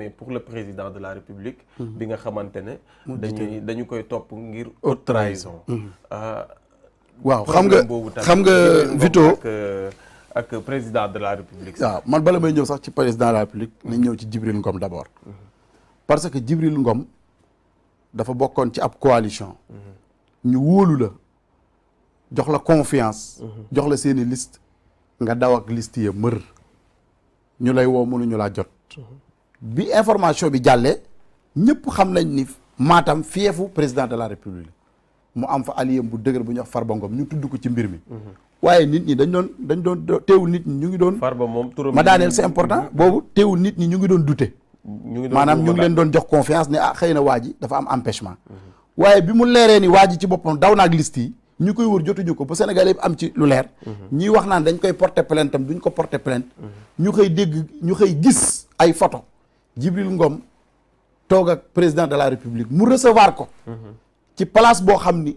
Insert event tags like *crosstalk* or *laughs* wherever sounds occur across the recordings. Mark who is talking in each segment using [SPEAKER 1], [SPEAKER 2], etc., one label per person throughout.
[SPEAKER 1] mais pour de la république. Mhm. bi nga xamante ne. dañuy dañu koy topp ngir haute trahison. Mhm. Euh,
[SPEAKER 2] waaw xam nga xam nga Vito
[SPEAKER 1] euh, ak président de la république. waaw
[SPEAKER 2] man bala may ñëw sax ci président de la république. nañ mhm. ñëw ci Djibril Ngom d' abord. parce que Djibril Ngom dafa bokkoon ci ab coalition. ñu wóolu la jox la confiance. jox la seeni liste nga daw ak liste ya mër. ñu lay woo mënuñu laa jot. bi information bi jàllee ñëpp xam nañ ni Matam fiefu président de la république mu am fa allié bu dëgër bu ñu wax Farba ñu tudd ko ci mbir mi. Mhm. waaye nit ñi dañ doon dañ doon teewul nit ñi ñu ngi doon. Farba moom turam ma daaneel c'est important mhm. boobu teewul nit ñi ñu ngi doon douter. ñu ngi doon maanaam ñu ngi leen doon jox confiance ne ah xëy na waa dafa am empêchement. Mhm. waaye bi mu leeree ni waa ji ci boppam daw naag liste yi. ñu koy wër jotuñu ko ba Sénégal yëpp am ci lu leer. ñuy wax naan dañ koy porter plainte tam duñ ko porter plainte. ñu koy ñu koy gis ay photo Jibril Ngom toog ak président de la république mu recevoir ko. ci place boo xam ni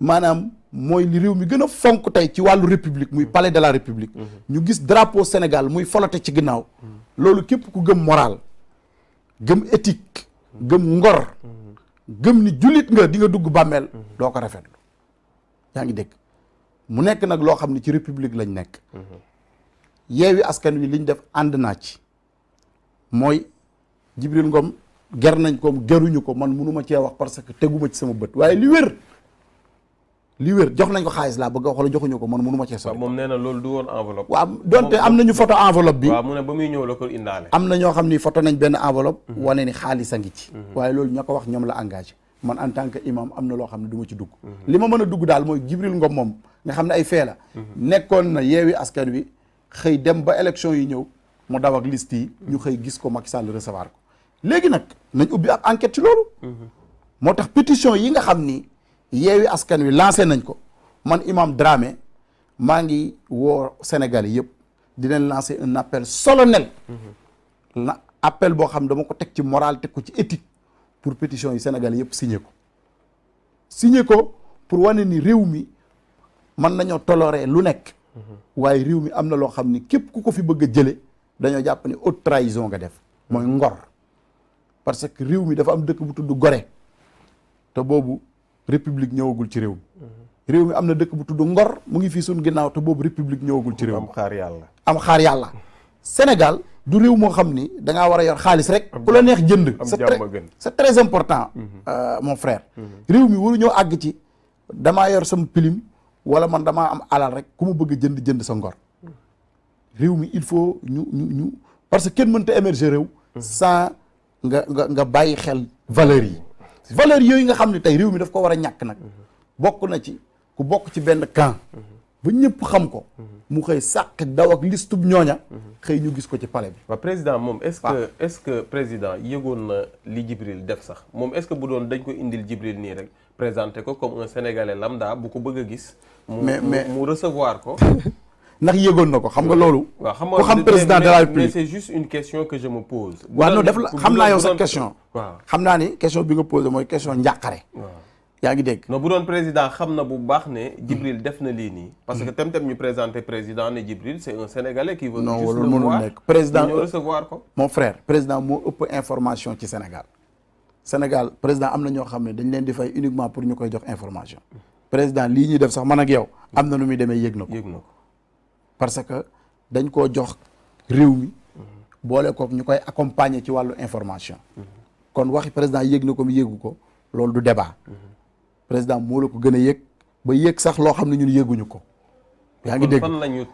[SPEAKER 2] maanaam mooy li réew mi gën a fonk tey ci wàllu république muy palais de la république. ñu gis drapeau Sénégal muy folote ci ginnaaw. loolu képp ku gëm moral gëm éthique gëm ngor. gëm ni jullit nga di nga dugg bàmmeel doo ko rafetlu yaa ngi dégg mu nekk nag loo xam ne ci république lañ nekk mhm. yeewi askan wi liñ def ànd naa ci mooy Jibril Ngom ger nañ ko geruñu ko man munuma cee wax parce que teguma ci sama bët waaye li wér li wér jox nañ ko xaalis laa bëgg a wax wala joxuñu ko man munuma cee sori. moom nee na loolu du woon enveloppe. waaw donte am nañu photo enveloppe bi.
[SPEAKER 1] muy ñëw la ko indaale.
[SPEAKER 2] am na ñoo xam ni photo nañ benn enveloppe. Mhm. wane ni xaalis a ngi ci. Mhm. waaye loolu ña ko wax ñoom la engagé. man en tant que imam am na loo xam ne du ci dugg. Mhm. li ma mën a dugg daal mooy Jibril Ngom moom nga xam ne ay fee nekkoon na yeewi askan wi xëy dem ba élection yi ñëw. mu daw ak liste yi ñu xëy gis ko Macky Sall recevoir ko léegi nag nañ ubbi ab enquête ci loolu moo tax pétition yi nga xam ni yeewi askan wi lancé nañ ko man imam drame maa ngi woo sénégal yi yëpp di leen lancer un appel solennel na appel boo xam dama ko teg ci moral teg ko ci éthique pour pétition yi Sénégalais yëpp signé ko signé ko pour wane ni réew mi mën nañoo toloree lu nekk waaye réew mi am na loo xam ni képp ku ko fi bëgg a jële dañoo jàpp ne haute trahison nga def mooy ngor parce que réew mi dafa am dëkk bu tudd Gorée te boobu république ñëwagul ci réew mi mhm. réew mi am na dëkk bu tudd Ngor mu ngi fii suñ ginnaaw te boobu république ñëwagul ci réew mi am xaar yàlla am xaar yàlla Sénégal du réew moo xam ni da war a yor xaalis rek ku la neex jënd c'est très important mhm. euh, mon frère mhm. réew mi waru ñëw àgg ci dama yor sama pilim wala man damaa am alal rek ku mu bëgg jënd jënd sa ngor réew mi il faut ñu ñu ñu parce que kenn mënta émerger réew sans nga nga nga bàyyi xel valeurs yi valeurs yooyu nga xam ne tey réew mi daf ko war a ñàkk nag bokk na ci ku bokk ci benn camp ba ñëpp xam ko mu xëy sàq daw ak listub ñooña xëy ñu gis ko ci pale bi
[SPEAKER 1] waaw président moom est-ce que est-ce que président yëgoon na li Jibril def sax moom est-ce que bu doon dañ ko indil Jibril nii rek présenté ko comme un sénégalais lambda bu ko bëgg a gis mu mais mais mu recevoir ko *laughs*
[SPEAKER 2] ndax yëgoon na ko xam nga loolu. ku xam président de la République
[SPEAKER 1] une question que je me pose. waaw non def xam
[SPEAKER 2] naa ni question bi nga posé mooy question njàqare. yaa ngi dégg.
[SPEAKER 1] non bu doon président xam na bu baax ne. Djibril def na lii nii. parce que tam tam ñu présenté président ne Djibril c'est un sénégalais qui veut. non loolu mënul nekk président ko.
[SPEAKER 2] mon frère président moo ëpp information ci Sénégal. Sénégal président am na ñoo xam ne dañ leen di fay uniquement pour ñu koy jox information. président lii ñuy def sax man ak yow. am na nu muy demee yëg na ko. parce que dañ koo jox réew mi boole ko ñu koy accompagner ci wàllu information kon waxi président yéeg na ko mu yéegu ko loolu du débat président moo la ko gën a yéeg ba yéeg sax loo xam ne ñun yéeguñu ko yaa ngi dégg fan
[SPEAKER 1] la ñu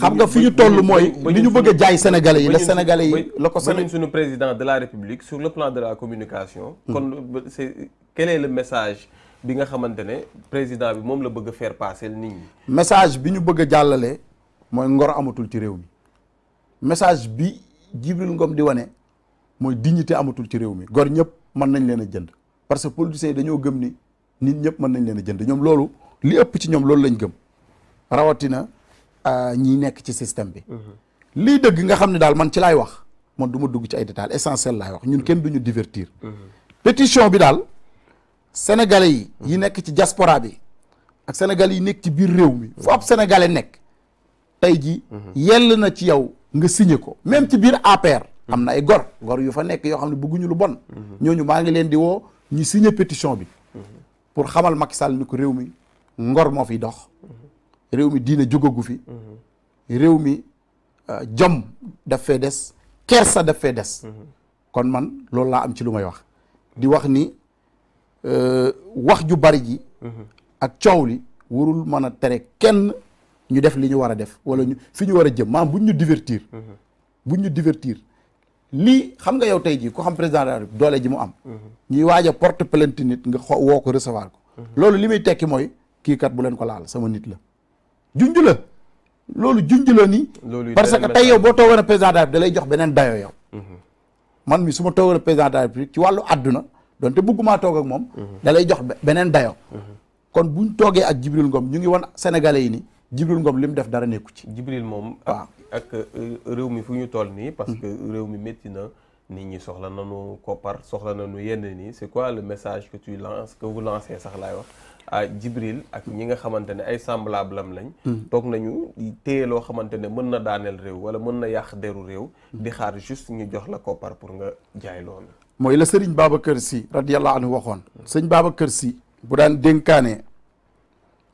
[SPEAKER 1] xam nga fi ñu toll mooy li ñu bëgg a jaay sénégalais yi la sénégale yi la ko seen suñu président de la république sur le plan de la communication mm. kon c'est quel message bi nga xamante ne président bi moom la bëgg fair faire passer nit ñi
[SPEAKER 2] message bi ñu bëgg a jàllale mooy ngor amatul ci réew mi message bi Jibril Ngom di wane mooy dignité amatul ci réew mi gor ñëpp mën nañ leen a jënd parce que politiciens yi dañoo gëm ni nit ñëpp mën nañ leen a jënd ñoom loolu li ëpp ci ñoom loolu lañ gëm rawatina euh, ñi nekk ci système bi. Mm-hmm. lii dëgg nga xam ne daal man ci laay wax man du ma dugg ci ay détails essentiel laay wax ñun kenn mm-hmm. duñu divertir. Mm-hmm. pétition bi daal sénégalais yi. yi nekk ci diaspora bi ak sénégalais yi nekk ci biir réew mi fu ab nekk. tey ji yell na ci yow nga signé ko même ci biir APR am na ay gor gor yu fa nekk yoo xam ne bëgguñu lu bon ñooñu maa ngi leen di woo ñu signé pétition bi pour xamal Macky Sall ni ko réew mi ngor moo fi dox réew mi diina jógagu fi réew mi euh, jom daf fee des kersa daf fee des kon man loolu laa am ci lu may wax di wax ni euh, wax ju bari ji ak coow li warul mën a tere kenn ñu def li ñu war a def wala ñu fi ñu war a jëm maanaam bu ñu divertir mhm. bu ñu divertir lii xam nga yow tey jii ku xam président doole ji mu am mhm. ñuy waaja a porte plainte nit nga xo woo ko recevoir ko mhm. loolu li muy tekki mooy kii kat bu leen ko laal sama nit la junj la loolu junj la ni
[SPEAKER 1] parce que tey yow boo
[SPEAKER 2] toogoon a président de jox beneen dayoo yow man mi su ma toogoon a président de ci wàllu àdduna donte bëggumaa toog ak moom da lay jox beneen dayoo kon buñ toogee ak Jibril Ngom ñu ngi wan sénégalais yi ni Jibril Ngom li mu def dara nekku ci. Jibril moom. waaw
[SPEAKER 1] ak euh, réew mi fu ñu toll nii. parce mm-hmm. que réew mi metti na. nit ñi soxla na nañu koppar soxla nañu yenn nii c'est quoi le message que tu lances que vous lancez sax laay wax ah Jibril ak ñi nga xamante ne ay semblable lañ. Mm-hmm. toog nañu téye loo xamante ne mën na daaneel réew wala mën na yàq deru réew. Mm-hmm. di xaar juste ñu jox la koppar pour nga jaay loolu.
[SPEAKER 2] mooy la sëriñ kër si radiyallahu anhu waxoon. sëñ Babacar Sy bu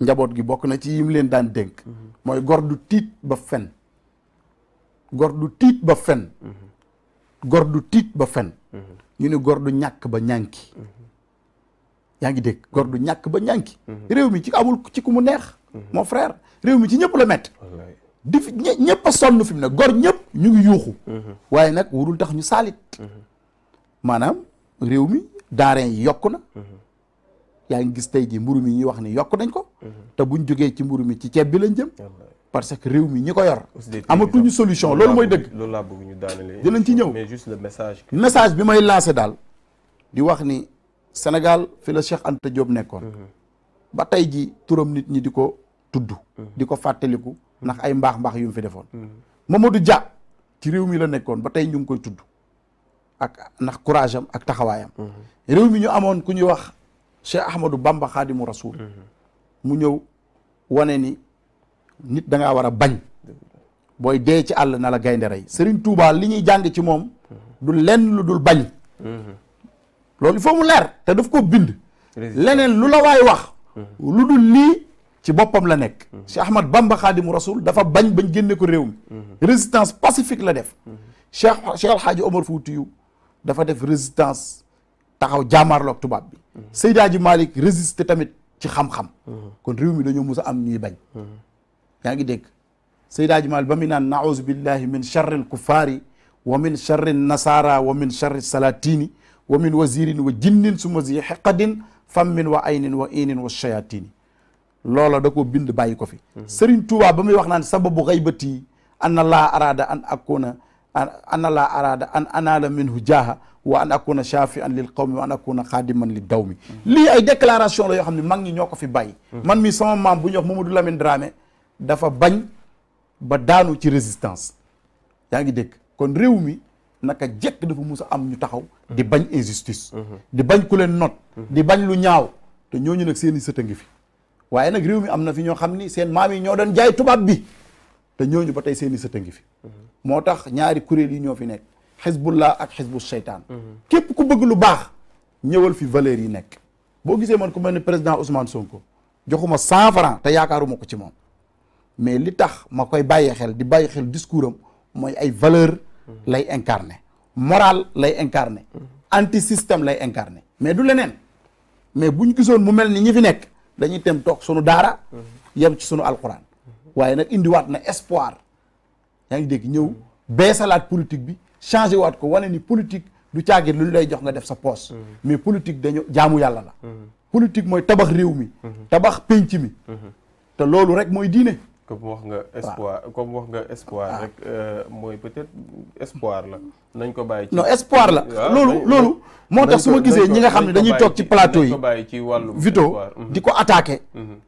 [SPEAKER 2] njaboot gi bokk na ci yim leen daan dénk mooy gor du tiit ba fen gor du tiit ba fen gor du tiit ba fen ñu ne gor du ñàkk ba ñànki yaa ngi dégg gor du ñàkk ba ñànki réew mi ci amul ci ku mu neex moo frère réew mi ci ñëpp la mett di fi ñëpp a sonn fi mu ne gor ñëpp ñu ngi yuuxu waaye nag wurul tax ñu saalit maanaam réew mi daarin yi yokku na yaa ngi gis tey jii mburu mi ñuy wax ni yokk nañ ko te buñ jógee ci mburu mi ci ceeb bi lañ jëm parce que réew mi ñi ko yor amatuñu solution loolu mooy dëgg
[SPEAKER 1] loolu laa bëgg ñu daanale dinañ ci ñëw mais juste message
[SPEAKER 2] message bi may lancé daal di wax ni Sénégal fi la Cheikh Anta Diop nekkoon mhm. ba tey ji turam nit ñi di ko tudd mhm. di ko fàttaliku ndax ay mbaax mbaax yu mu fi defoon mhm. Mamadou Dia ci réew mi la nekkoon ba tey ñu ngi koy tudd ak ndax courage am ak taxawaayam réew mi ñu amoon ku ñuy wax Cheikh Ahmadou Bamba Xaadimu Rasul mhm. mu ñëw wane ni nit danga ngaa war a bañ booy dee ci àll na la gaynde rey Serigne Touba li ñuy jàng ci moom du lenn lu dul bañ mhm. loolu il mu leer te daf ko bind leneen lu la waay wax mhm. lu dul lii ci boppam la nekk Cheikh Ahmad Bamba Xaadimu Rasul dafa bañ bañ génne ko réew mi résistance pacifique la def Cheikh Cheikh Alhaaji Omar Fuutiyu dafa def résistance taxaw jaamaarloog tubaab bi Seydi Ji Malick résister tamit ci xam-xam kon réew mi dañoo mus a am ñuy bañ yaa ngi dégg Seydi Ji Malick ba mu naan naouzu billahi min charril kuffaari wa min charri nasara wa min charri salatini wa min wazirin wa jinnin suma zi xeqadin fammin wa aynin wa inin wa shayatini loola da koo bind bàyyi ko fi Serigne Touba ba muy wax naan sababu xaybati anna laa araada an akuna araada an anaala minhu jaaha wa an akuna shafian lil qawmi wa an akuna xaadiman li daw mi lii ay déclaration la yoo xam ne mag ñi ñoo ko fi bay man mi sama maam bu ñuy wax Mamadou Lamine Dramé dafa bañ ba daanu ci résistance yaa ngi dégg kon réew mi naka jekk dafa mus a am taxaw di bañ injustice di bañ ku leen not di bañ lu ñaaw te ñooñu nag seen i sët a ngi fi waaye nag réew mi am na fi ñoo xam ni seen maam yi ñoo doon jaay tubaab bi te ñooñu ba tey seeni i sët a ngi fi moo tax ñaari kuréel yi ñoo fi nekk xisbullah ak xisbu seytaan mhm. képp ku bëgg lu baax ñëwal fi valeurs yi nekk boo gisee man ku mel ni président Ousmane Sonko joxuma cent franc te yaakaaruma ko ci moom mais li tax ma koy bàyyi xel di bàyyi xel discours am mooy ay valeur mhm. lay incarné moral lay incarné mhm. anti système lay incarné mais du leneen mais buñ gisoon mu mel ni ñi fi nekk dañuy tem toog sunu daara yem ci sunu alquran waaye nag indiwaat na espoir yaa ngi dégg ñëw beesalaat politique bi changé waat ko wane ni politique du caagir lu ñu lay jox nga def sa poos mhm. mais politique dañu jaamu yàlla la mhm. politique mooy tabax réew mi mhm. tabax pénc mi te loolu rek mooy diine
[SPEAKER 1] comme wax nga espoir comme wax nga espoir ah. rek euh, mooy peut-être espoir la nañ ko bàyyi ci non la loolu loolu moo tax su ma gisee ñi nga xam ne dañuy toog ci plateau yi ci wàllu Vito di
[SPEAKER 2] ko attaqué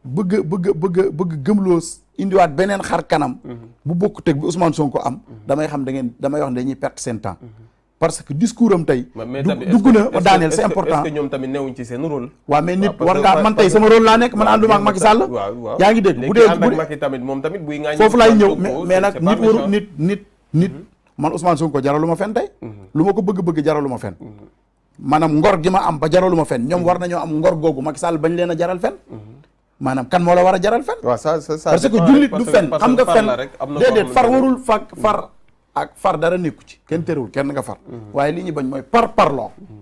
[SPEAKER 2] bëgg bëgg bëgg bëgg gëmloo indiwaat beneen xar kanam. Mhm. bu bokk teg bi Ousmane Sonko am. Mhm. damay xam da ngeen damay wax ne dañuy perte seen temps. Mhm. parce que discours am tey. dugg na daaneel c'est important. est-ce que
[SPEAKER 1] ñoom tamit newuñ ci seen rôle. waaw mais nit war ngaa man tey sama rôle laa nekk man ànduma ak Macky Sall. yaa ngi dégg bu dee bu dee tamit moom tamit buy. foofu laay ñëw mais nag nit waru nit
[SPEAKER 2] nit nit. man Ousmane Sonko jaralu ma fen tey. lu ma ko bëgg-bëgg jaralu ma fen maanaam ngor gi ma am ba jaralu ma fen ñoom war nañoo am ngor googu Macky Sall bañ leen a jaral fen maanaam kan moo la war a jaral fen waaw ça ça parce que jullit du fen xam nga fen déedéet far warul fak far ak far dara nekku ci kenn terewul kenn nga far mhm. waaye li ñu bañ mooy par parloo mhm.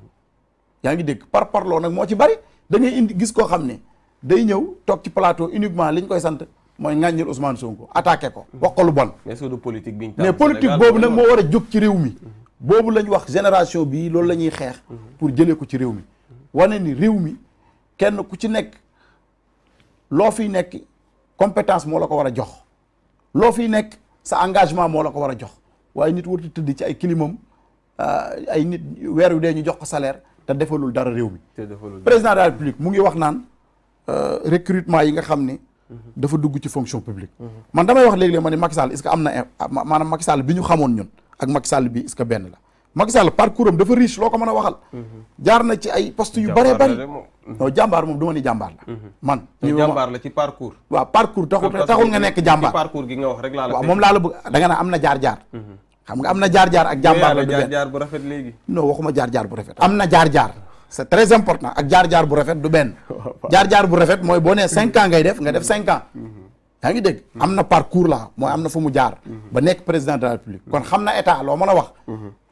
[SPEAKER 2] yaa ngi dégg par parloo nag moo ci bari da indi gis koo xam ne day ñëw toog ci plateau uniquement li koy sant mooy ŋàññil Ousmane Sonko attaqué ko mhm. wax ko lu bon
[SPEAKER 1] mais politique boobu nag moo
[SPEAKER 2] war a jóg ci réew mi boobu lañ wax génération bii loolu la ñuy xeex pour jëlee ko ci réew mi wane ni réew mi kenn ku ci nekk loo fi nekk compétence moo la ko war a jox loo fi nekk sa engagement moo la ko war a jox waaye nit warut tëdd ci ay kilimam euh, ay nit weer wi dee ñu jox ko salaire te defalul dara réew mi. président de la république mu ngi wax naan euh, recrutement yi nga xam ne. Mhm. dafa dugg ci fonction publique. Mhm. man damay wax léeg-léeg ma ne Macky Sall est am na maanaam Macky Sall bi ñu xamoon ñun ak Macky Sall bi est-ce benn la. Macky Sall parcours am dafa riche loo ko mën a waxal. jaar na ci ay poste yu bëree bëri. non jàmbaar moom du ma ni jàmbaar la. Mhm. man jàmbaar
[SPEAKER 1] la ci parcours.
[SPEAKER 2] waaw parcours taxul nga nekk jàmbaar.
[SPEAKER 1] parcours gi nga wax rek laa la. waaw moom am na jaar jaar. Mhm.
[SPEAKER 2] xam nga am na jaar jaar ak. jàmbaar la du benn jaar
[SPEAKER 1] jaar bu rafet léegi.
[SPEAKER 2] jaar bu rafet am na jaar jaar. c' très important ak jaar jaar bu rafet du *laughs* jaar jaar bu rafet mooy boo nee cinq ans ngay def nga def mhm. cinq ans. ngi dégg am na parcours la mooy am na fu mu jaar. ba nekk président de la république kon xam na état loo mën a wax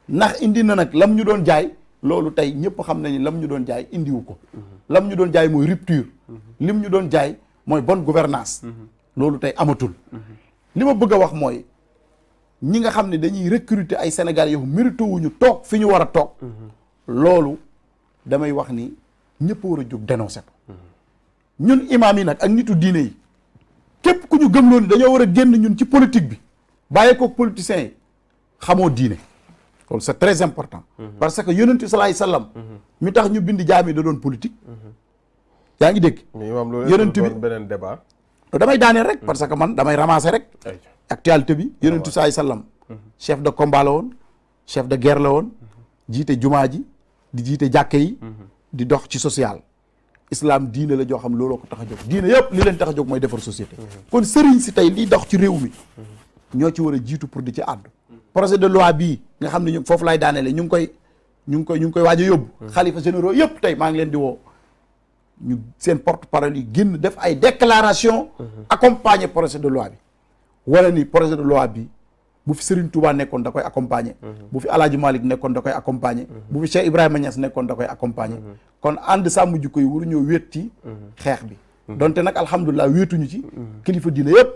[SPEAKER 2] ndax indi na nag lam ñu doon jaay loolu tey ñëpp xam nañu lam ñu doon jaay indiwu ko mhm. lam ñu doon jaay mooy rupture mhm. lim ñu doon jaay mooy bon gouvernance mhm. loolu tey amatul li ma bëgg a wax mooy ñi nga xam ne dañuy recruter ay sénégal Sénégalais yow wu ñu toog fi ñu war a toog loolu damay wax ni ñëpp war a jóg dénoncé ko ñun imaam yi nag ak nitu diine yi képp ku ñu gëm loon dañoo war a génn ñun ci politique bi bàyyi ko politiciens yi xamoo diine loolu c'est très important. Mhm. parce que yonent bi salaay sallam. Mhm. mi tax ñu bind jaam da doon politique. Mhm. yaa ngi dégg. yonent bi beneen débat. damay daaneel rek parce que man damay ramasser rek. actualité bi ah, yeneentu bi salaay sallam. chef de combat la woon chef de guerre la woon. jiite jumaa ji di jiite jàkke yi. di dox ci social. islam diine la joo xam looloo ko tax a jóg diine yëpp li leen tax a jóg mooy defar société. kon sëriñ si tey liy dox ci réew mi. ñoo ci war a jiitu pour di ci àddu. projet de loi bi nga xam ne ñu foofu laay daaneele ñu ngi koy ñu ngi koy ñu ngi koy waaj a yóbbu mm-hmm. xalifa généraux yëpp tey maa ngi leen di woo ñu seen porte parole yi génn def ay déclaration mm-hmm. accompagner projet de loi bi wala ni projet de loi bi bu fi Serigne Touba nekkoon da koy accompagner mm-hmm. bu fi Alaaji Malick nekkoon da koy accompagner bu fi Cheikh Ibrahima Niass nekkoon da koy accompagner kon ànd sàmm jikko yi waruñoo wéet ci xeex bi donte nag alhamdulilah wéetuñu ci kilifa diine yëpp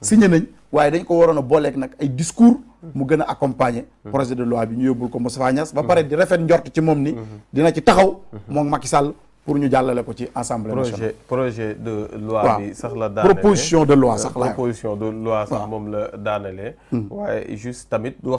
[SPEAKER 2] signé nañ waaye dañ ko waroon a booleeg nag ay discours mu gën a projet de loi bi ñu yóbbul ko Moustapha Niass ba pare di rafet njort ci moom ni dina ci taxaw moom Macky Sall pour ñu jàllale ko ci assemblée nationale
[SPEAKER 1] projet de loi bi sax la daanale proposition de loi sax la proposition de loi sax moom la daanale hmm. waaye juste tamit